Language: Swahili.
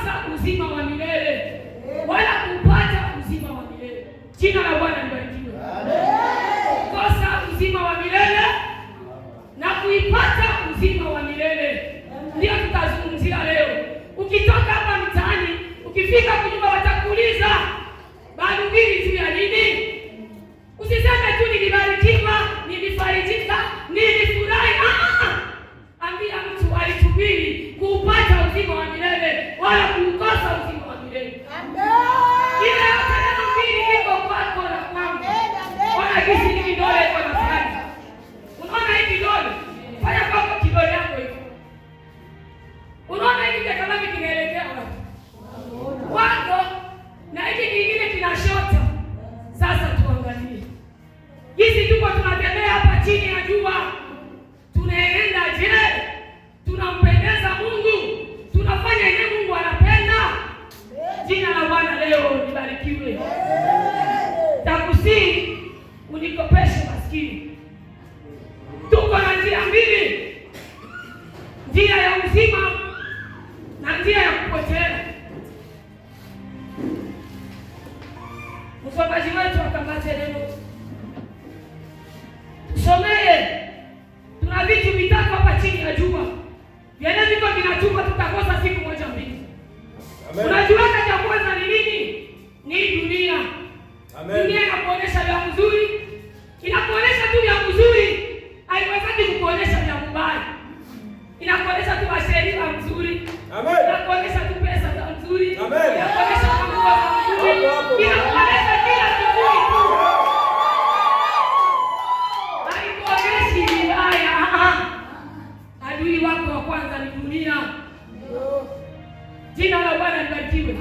kukosa uzima wa milele wala kupata uzima wa milele. Jina la Bwana libarikiwe. Kukosa uzima wa milele na kuipata uzima wa milele ndio tutazungumzia leo, ukitoka hapa mtaani ukifika tuko tunatembea hapa chini ya jua, tunaenda je? Tunampendeza Mungu? Tunafanya ile Mungu anapenda? Jina la Bwana leo libarikiwe. Takusii unikopeshe maskini. Tuko na njia mbili, njia ya uzima na njia ya kupotea. Msomaji wetu akapate neno tunachukua tutakosa siku moja mbili. Unajiweka cha kwanza ni nini? Ni dunia. Amen. Dunia inakuonyesha vya mzuri, inakuonyesha tu vya mzuri, haiwezaki kukuonesha vya mbaya. Inakuonesha tu masharika mzuri. Amen. Inakuonyesha tu pesa za mzuri. Amen. Inakuonyesha mambo mazuri. Jina la Bwana libarikiwe.